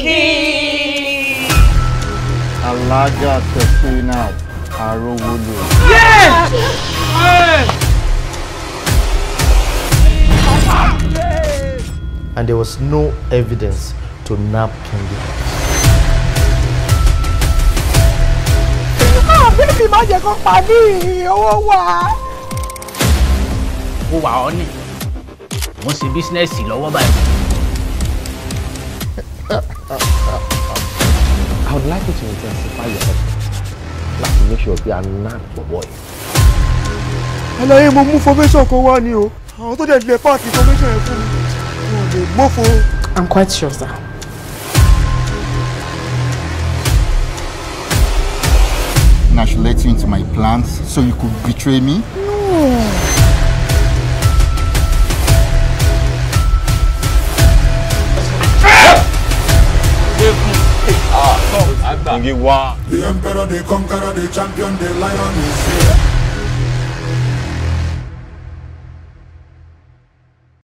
Cindy. Alaja Tefina Arowolo. Yes! yes! And there was no evidence to nab Kingdom. bíbí má jẹ kó pa ní owó wa. ó I would like you to intensify your effort to make sure pé are not your boy. àlàyé mo mú formation kan wá ni o àwọn tó dẹ̀ lè formation yẹn fún I'm quite sure sir. And I should let you into my plans so you could betray me? No. Ngiwa. The emperor, the conqueror, the champion, the lion is here.